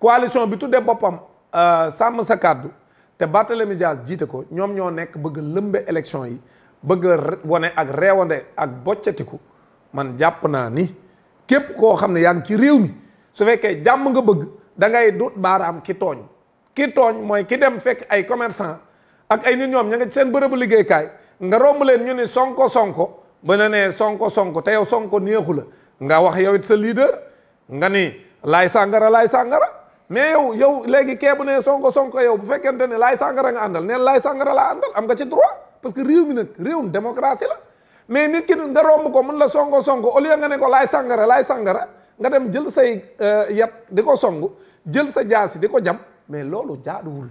coalition bi tuddee boppam euh, sàmm sa kàddu te Barthélemy Dias jiite ko ñoom ñoo nekk bëgg lëmbe élection yi bëgg wane ak reewande ak boccatiku man jàpp naa ni képp koo xam ne yaa ngi ci réew mi su fekkee jàmm nga bëgg da ngay dut baaraam ki tooñ ki tooñ mooy ki dem fekk ay commerçant ak ay nit ñoom ña nga ci seen bërëbu kaay nga romb leen ñu ni sonko sonko ba ne nee sonko sonko te yow sonko neexu la nga wax yow it sa leader nga ni laay sàngara laay sàngara mais yow yow léegi kee bu ne sonko sonko yow bu fekkee nte ne laay sàngara nga àndal neen laay sàngara laa àndal am nga ci parce que réew mi nag réewum démocratie la mais nit ki nga romb ko mën la sonko sonko au nga ne ko laay sàngara laay nga dem jël say euh, yat di ko song jël sa jaasi di ko jam mais loolu jaaduwul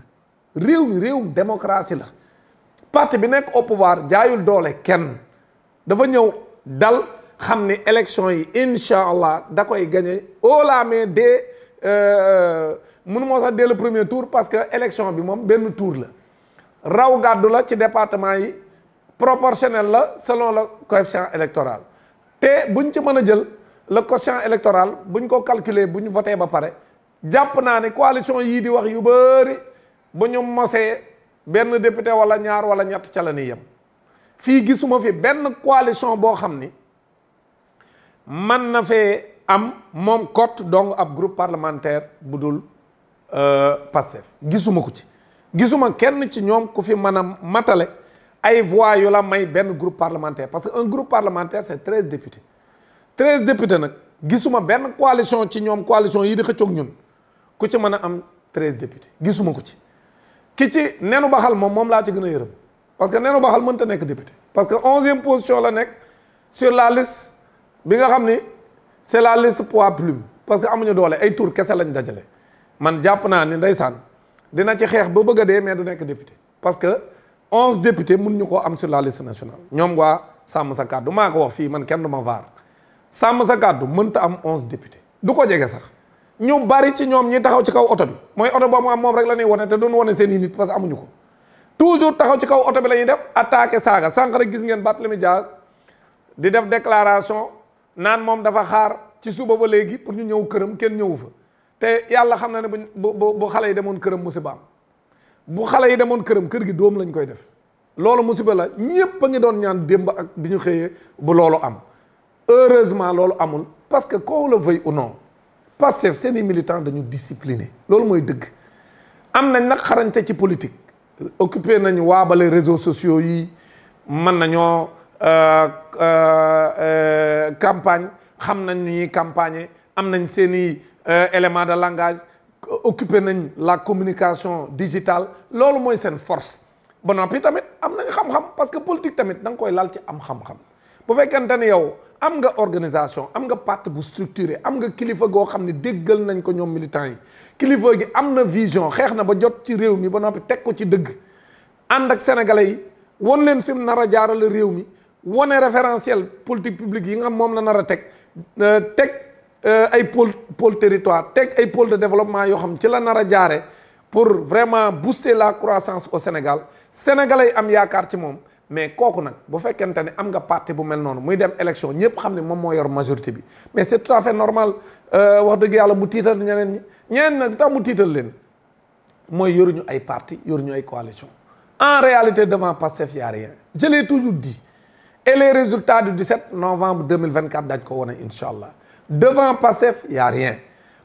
réew mi réewum démocratie la parti bi nekk au pouvoir jaayul doole kenn dafa ñëw dal xam ne élection yi incha allah da koy gagné au la main des Euh, euh, mënu moo sax dès le premier tour parce que élection bi moom benn tour la raw gàddu la ci département yi proportionnel la selon la coefficient électoral te bu buñ ci mën a jël la quotient électoral bu buñ ko calculer bu ñu voté ba pare jàpp naa ne coalition yii di wax yu bëri bu ñu mosee benn député wala ñaar wala ñett ca la ni yem fii gisuma fi benn coalition boo xam ni man na fee am moom cote donc ab groupe parlementaire bu dul euh, Pastef gisuma ko ci gisuma kenn ci ñoom ku fi mën a matale ay voix yu la may benn groupe parlementaire parce que un groupe parlementaire c'est treize député treize députés nag gisuma benn coalition ci ñoom coalition yi di xëccoog ñun ku ci mën a am treize députés gisuma ko ci ki ci nenu baxal moom moom laa ci gën a yërëm parce que nenu baxal mënta nekk député parce que onzième position la nekk sur la liste bi nga xam ni c'est la liste poids plume parce que amuñu doole ay tur kese lañ dajale man jàpp naa ni ndeysaan dina ci xeex ba bëgg a dee mais du nekk député parce que onze députés mun ñu ko am sur la liste nationale ñoom waa sàmm sa kàddu maa ko wax fii man kenn du ma vaar sàmm sa kàddu mënta am onze députés du ko jege sax ñu bari ci ñoom ñi taxaw ci kaw oto bi mooy oto boobu am moom rek la ñuy wone te duñ wone seen i nit parce que amuñu ko toujours taxaw ci kaw oto bi la ñuy def attaqué saaga sànq rek gis ngeen Barthélémy Dias di def déclaration naan moom dafa xaar ci suba ba léegi pour ñu ñëw këram kenn ñëwu fa te yàlla xam na ne bu bu bu xale yi demoon këram musiba am bu xale yi demoon këram kër gi doom lañ koy def loolu musiba la ñépp a ngi doon ñaan démb ak bi ñu xëyee bu loolu am heureusement loolu amul parce que qu'on le veuille ou non Pastef seeni militants dañu discipliné loolu mooy dëgg am nañ nag xarañte ci politique occupé nañ waabale réseaux sociaux yi mën nañoo Euh, euh, euh, campagne xam nañ nu ñuy campagner am nañ seen i élément de langage occupé nañ la communication digitale loolu mooy seen force ba noppi tamit am nañ xam-xam parce que politique tamit da nga koy laal ci am xam-xam bu fekkente ni yow am nga organisation am nga parti bu structuré am nga kilifa goo xam ne déggal nañ ko ñoom militants yi kilifa gi am na vision xeex na ba jot ci réew mi ba noppi teg ko ci dëgg ànd ak sénégalais yi won leen fi mu nar a jaarale réew mi wane référentiel politique publique yi nga xam moom la nar a teg euh, euh, teg ay pôle pôle territoire teg ay pôle de développement yoo xam ci la nar a jaare pour vraiment booster la croissance au Sénégal sénégalais am yaakaar ci moom mais kooku nag bu fekkente ni am nga parti bu mel noonu muy dem élection ñëpp xam ne moom moo yor majorité bi mais c'est tout à fait normal euh, wax dëgg yàlla mu tiital ñeneen ñi ñeneen nag tax mu tiital leen mooy yoruñu ay parti yoruñu ay coalition en réalité devant Pastef y a rien je l'ai toujours et les résultats du 17 novembre 2024 dañ ko wane incha allah devant Pastef y' a rien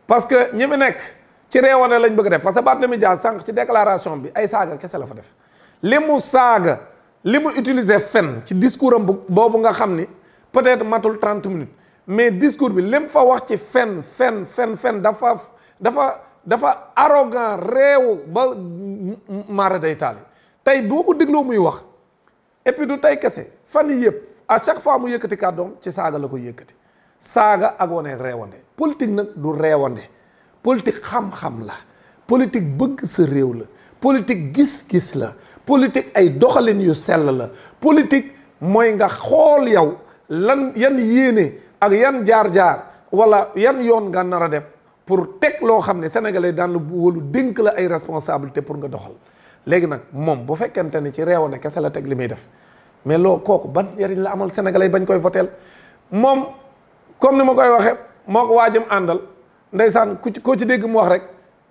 parce que ñi mu nekk ci réewane lañ bëgg def parce que Barthélémy Dias sànq ci déclaration bi ay saaga kese la fa def li mu saaga li mu utiliser fen ci discours am boobu nga xam ni peut-être matul trente minutes mais discours bi li mu fa wax ci fen fen fen fen dafa dafa dafa arrogant réew ba maara day taali tey boo ko muy wax et puis du tey kese. fan yii yëpp à chaque fois mu yëkkati kàddoom ci saaga la ko yëkkati saaga ak wane reewande politique nag du reewande politique xam-xam la politique bëgg sa réew la politique gis-gis la politique ay doxalin yu sell la politique mooy nga xool yow lan yan yéene ak yan jaar-jaar wala yan yoon nga nar a def pour teg loo xam ne sénégalais daan la wóolu dénk la ay responsabilité pour nga doxal léegi nag moom bu fekkente ni ci reewande kese la teg li muy def mais loo kooku ban njariñ la amal sénégalais bañ koy voteel moom comme ni ma koy waxee moo ko waajam àndal ndeysaan ku ci koo ci dégg mu wax rek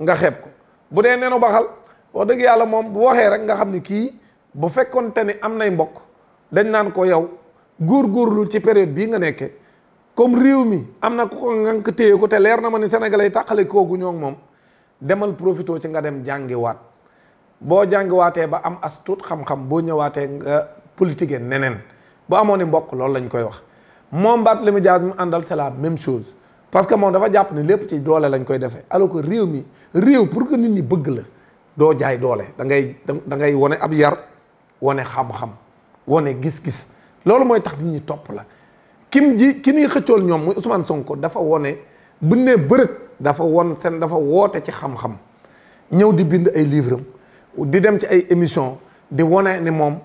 nga xeeb ko bu dee nenu baxal wax dëgg yàlla moom bu waxee rek nga xam ni kii bu fekkoon te ni am nay mbokk dañ naan ko yow góorgóorlu ci période bii nga nekke comme réew mi am na ku ko ngànk téye ko te leer na ma ni sénégalais yi tàqale koogu ñoo moom demal profité ci nga dem jàngiwaat boo jàngiwaatee ba am as tuut boo ñëwaatee politique neneen bu amoon ni mbokk loolu lañ koy wax moom Barthélémy Dias mu àndal c'est la même chose parce que moom dafa jàpp ne lépp ci doole lañ koy defe alors que réew mi réew pour que nit ñi bëgg la doo jaay doole da ngay da ngay wane ab yar wane xam-xam wane gis-gis loolu mooy tax nit ñi topp la kim ji ki ñuy xëccool ñoom muy Ousmane Sonko dafa wone bu nee bërët dafa won seen dafa woote ci xam-xam ñëw di bind ay livre am di dem ci ay émission di wone ni moom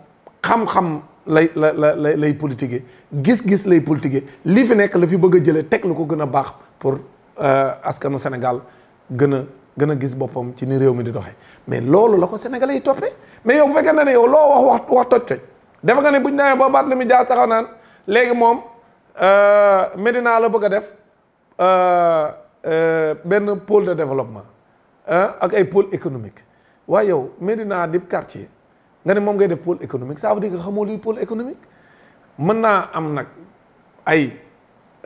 xam-xam lay la la lay lay politiquer gis-gis lay politiquer li fi nekk la fi bëgg a jëlee teg lu ko gën a baax pour euh, askanu Sénégal gën a gën a gis boppam ci ni réew mi di doxee mais loolu la ko sénégalais yi toppee mais yow bu fekkee ne yow loo wax wax wax toj-toj dafa nga ne bu ñu demee ba baat la mi jaar taxaw naan léegi moom euh, Médina la bëgg a def euh, benn pole de développement ak ay pôle économique waaye yow Médina di quartier. nga ne moom ngay def pôle économique ça veut dire que xamoo luy pôle économique mën naa am nag ay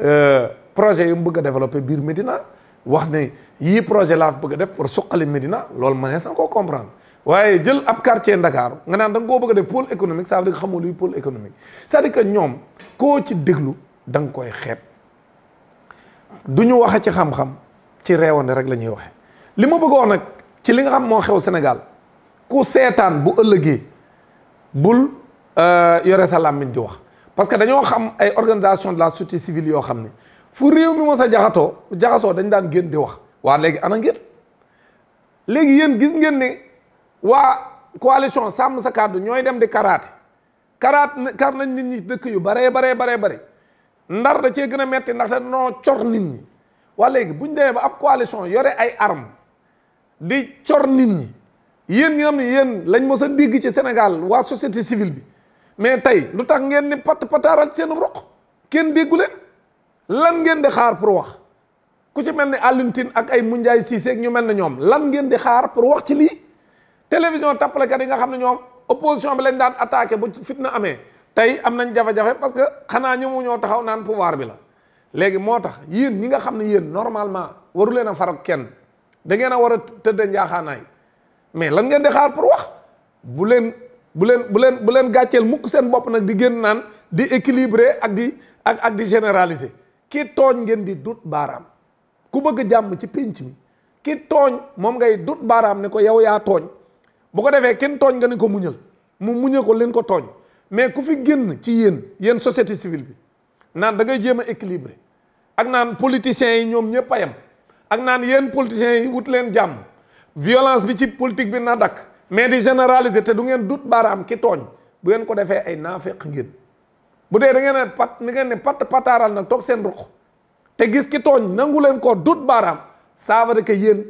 euh, projet yu mu bëgg a développer biir Médina wax ne yii projet laa bëgg def pour suqali Médina lool ma ne sax koo comprendre waaye jël ab quartier Ndakaaru nga naan da nga koo bëgg a def pôle économique ça veut dire que xamoo luy pôle économique cest à que ñoom koo ci déglu da nga koy xeeb du ñu waxe ci xam-xam ci réewande rek la ñuy waxe li ma bëggoon nag ci li nga xam moo xew Sénégal ku seetaan bu ëllëgee bul euh, yore sa miñ di wax parce que dañoo xam ay organisation de la société civile yoo xam ni fu réew mi mos a jaxatoo jaxasoo dañ daan génn di wax waa léegi ana ngeen léegi yéen gis ngeen ne waa coalition sàmm sa kàddu ñooy dem di karaate karaat kar nañ nit ñi dëkk yu baree baree baree bare ndar da cee gën a metti ndaxte noo cor nit ñi waa léegi buñ demee ba ab coalition yore ay arme di cor nit ñi yéen ñi xam ne yéen lañ mos a dégg ci Sénégal waa société civile bi mais tey lu tax ngeen ni pat pataaral seenu roq kenn déggu leen lan ngeen di xaar pour wax ku ci mel ni Alioune ak ay Moundiaye Cissé ak ñu mel na ñoom lan ngeen di xaar pour wax ci lii télévision tappalekat yi nga xam ne ñoom opposition bi lañ daan attaqué bu fitna amee tey am nañ jafe-jafe parce que xanaa ñëmu ñoo taxaw naan pouvoir bi la léegi moo tax yéen ñi nga xam ne yéen normalement waru leen a faral kenn da ngeen a war a tëdd njaaxaanaay mais lan ngeen di xaar pour wax bu leen bu leen bu leen bu leen gàcceel mukk seen bopp nag di génn naan di équilibrer ak di ak ak di généraliser ki tooñ ngeen di dut baaraam ku bëgg jàmm ci pénc mi ki tooñ moom ngay dut baaraam ne ko yow yaa tooñ bu ko defee kenn tooñ nga ne ko muñal mu muñe ko leen ko tooñ mais ku fi génn ci yéen yéen société civile bi naan da ngay jéem a équilibrer ak naan politiciens yi ñoom ñëpp a yem ak naan yéen politiciens yi wut leen jàmm violence bi ci politique bi na dakk mais di généraliser te du ngeen dut baaraam ki tooñ bu ngeen ko defee ay naafeq ngeen bu dee da ngeen ne pat ni ngeen ne pat pataaral nag toog seen ruq te gis ki tooñ nangu leen ko dut baaraam ça veut dire que yéen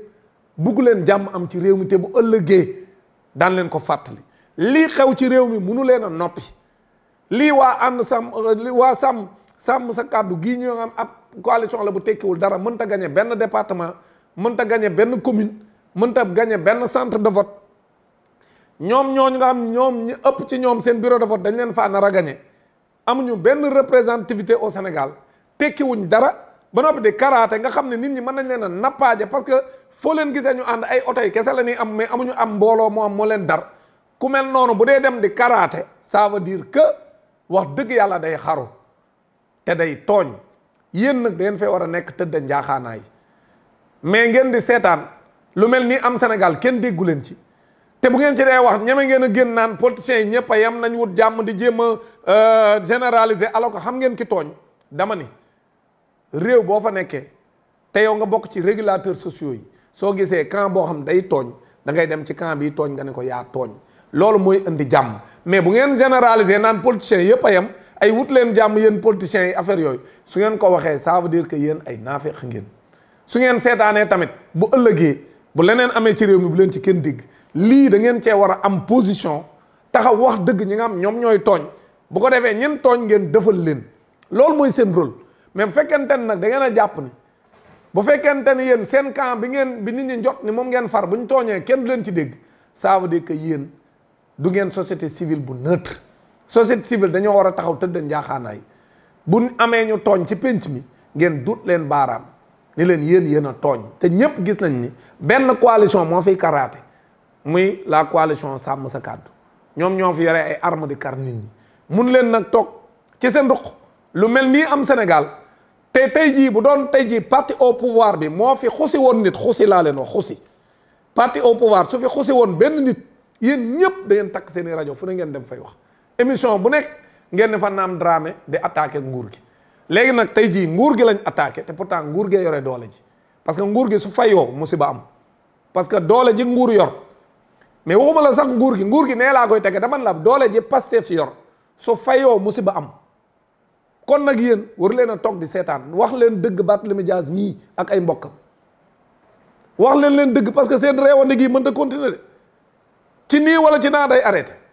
bugg leen jàmm am ci réew mi te bu ëllëgee daan leen ko fàttali lii xew ci réew mi munu leen a noppi lii waa ànd sàmm lii waa sàmm sàmm sa kàddu gii ñu am ab coalition la bu tekkiwul dara mënta gañe benn département mënta gañe benn commune mënta gagné benn centre de vote ñoom ñooñu nga am ñoom ñu ëpp ci ñoom seen bureau de vote dañ leen faa nar a amuñu benn représentativité au Sénégal tekkiwuñ dara ba noppi di karaate nga xam ne nit ñi mën nañ leen a nappaaje parce que foo leen gisee ñu ànd ay oto yi kese la ñuy am mais amuñu am mbooloo moo am moo leen dar ku mel noonu bu dee dem di karaate ça veut dire que wax dëgg yàlla day xaru te day tooñ yéen nag da ngeen fee war a nekk tëdd njaaxaanaay mais ngeen di seetaan. lu mel ni am Sénégal kenn déggu leen ci te bu ngeen ci dee wax ñeme ngeen a génn naan politiciens yi ñëpp a yem nañ wut jàmm di jéem a euh, généraliser alors que xam ngeen ki tooñ dama ni réew boo fa nekkee te yow nga bokk ci régulateur sociaux yi soo gisee camp boo xam day tooñ da ngay dem ci camp bi tooñ nga ne ko yaa tooñ loolu mooy indi jàmm mais bu ngeen généraliser naan politiciens yëpp a yem ay wut leen jàmm yéen politiciens yi affaire yooyu su ngeen ko waxee ça veut que yéen ay naafeq ngeen su ngeen seetaanee tamit bu ëllëgee. bu leneen amee ci réew mi bu leen ci kenn dégg lii dangeen ngeen cee war a am position taxaw wax dëgg ñi nga am ñoom ñooy tooñ bu ko defee ñen tooñ ngeen defal leen loolu mooy seen rôle mais bu fekkente ni nag da ngeen a jàpp ni bu fekkente ni yéen seen camp bi ngeen bi nit ñi njot ni moom ngeen far bu ñu tooñee kenn du leen ci dégg ça veut que yéen du ngeen société civile bu neutre société civile dañoo war a taxaw tëdd njaaxaanaay bu amee ñu tooñ ci pénc mi ngeen dut leen baaraam ni leen yéen yéen tooñ te ñëpp gis nañ ni benn coalition moo fiy karaate muy la coalition sàmm sa kàddu ñoom ñoo fi yore ay arme di kar nit ñi mun leen nag toog ci seen ndox lu mel nii am Sénégal te tey jii bu doon tey jii parti au pouvoir bi moo fi xusi woon nit xusi laa leen wax xusi parti au pouvoir su fi xusi woon benn nit yéen ñëpp da ngeen takk seen i rajo fu ne ngeen dem fay wax émission bu nekk ngeen ne fa naam drame di attaqué nguur gi léegi nag tey jii nguur gi lañ attaqué te pourtant nguur gee yore doole ji parce que nguur gi su fayoo musiba am parce que doole ji nguur yor mais waxuma la sax nguur gi nguur gi nee laa koy tege dama la doole ji Pastef fi yor su fayoo musiba am kon nag yéen war leen a toog di seetaan wax leen dëgg Barthélémy Dias mii ak ay mbokkam wax leen leen dëgg parce que seen réewande gi mënta continuer de ci nii wala ci naa day arrêté